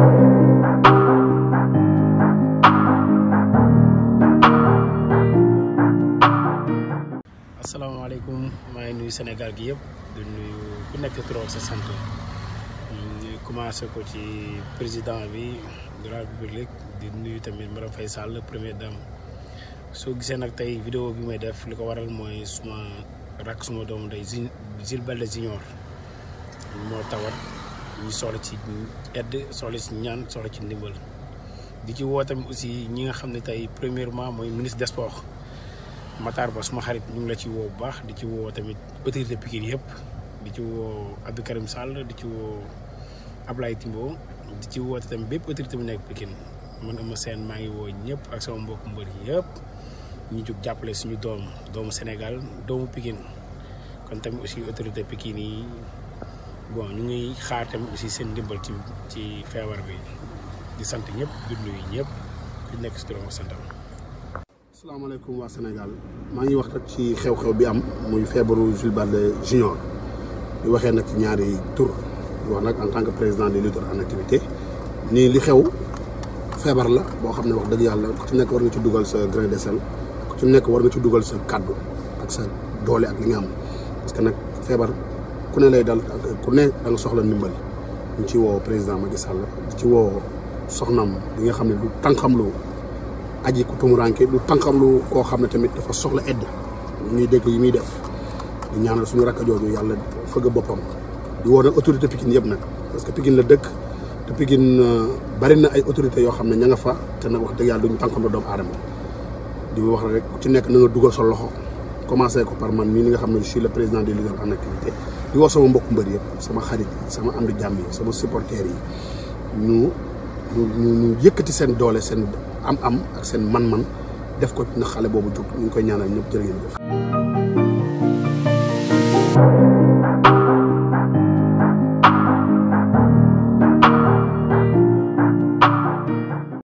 asalaamaaleykum maa ngi nuyu Sénégal gi yëpp di nuyu ku nekk turam sa sant ñu commencé ko ci président bi de la République di nuyu tamit Marème Faye Sall première dame soo gisee nag tey vidéo bi may def li ko waral mooy suma rak suma doomu day Jules Baldé Junior moo tawat. ñu soxla ci aide soxla ci ñaan soxla ci ndimbal di ci woo tamit aussi ñi nga xam ne tey premièrement mooy ministre des sports Matar Ba suma xarit ñu la ci woo bu baax di ci woo tamit autorité Pikine yëpp di ci woo Abdou Karim Sall di ci woo Ablaye Timbo di ci woo tamit bépp autorité bu nekk Pikine man Eumeu seen maa ngi woo ñëpp ak sama mbokk mbër yëpp ñu jug jàppale suñu doom doomu Sénégal doomu Pikine kon tamit autorité Pikine yi bon ñu ngi xaar tam aussi seen ndimbal ci ci feebar bi di sant ñëpp di nuyu ñëpp di nekk si turam santam asalaamaaleykum waa Sénégal maa ngi wax nag ci xew-xew bi am muy feebaru Jules Baldé junior di waxee nag ci ñaari tour di wax nag en tant que président des lutteurs en activité ni li xew feebar la boo xam ne wax dëgg yàlla ku ci nekk war nga ci dugal sa grain de sel ku ci nekk war nga ci dugal sa kàddu ak sa doole ak li nga am parce que nag feebar ku ne lay dal ak ku ne da nga soxla ndimbal ñu ci woo président Macky Sall ci woo soxnam bi nga xam ne du tànqamlu aji ku tumu tumuranke du tànqamlu koo xam ne tamit dafa soxla aide ñuy dégg yi muy def di ñaanal suñu rakk jooju yàlla fëgg boppam di woo autorité Pikine yëpp nag parce que Pikine la dëkk te Pikine euh, bari na ay autorité yoo xam ne ña nga fa te nag wax dëgg yàlla duñu tànqamlu doomu aadama di wax rek ku ci nekk na nga dugal sa loxo commencé ko par man mii nga xam ne je suis le président de leaders en activité di woo sama mbokk mbër yëpp sama xarit yi sama am di jàmm yi sama supporters yi ñu ñu ñu yëkkati seen doole seen am-am ak seen man-man def ko na xale boobu jóg ñu ngi koy ñaanal ñëpp jërë ngeen jëf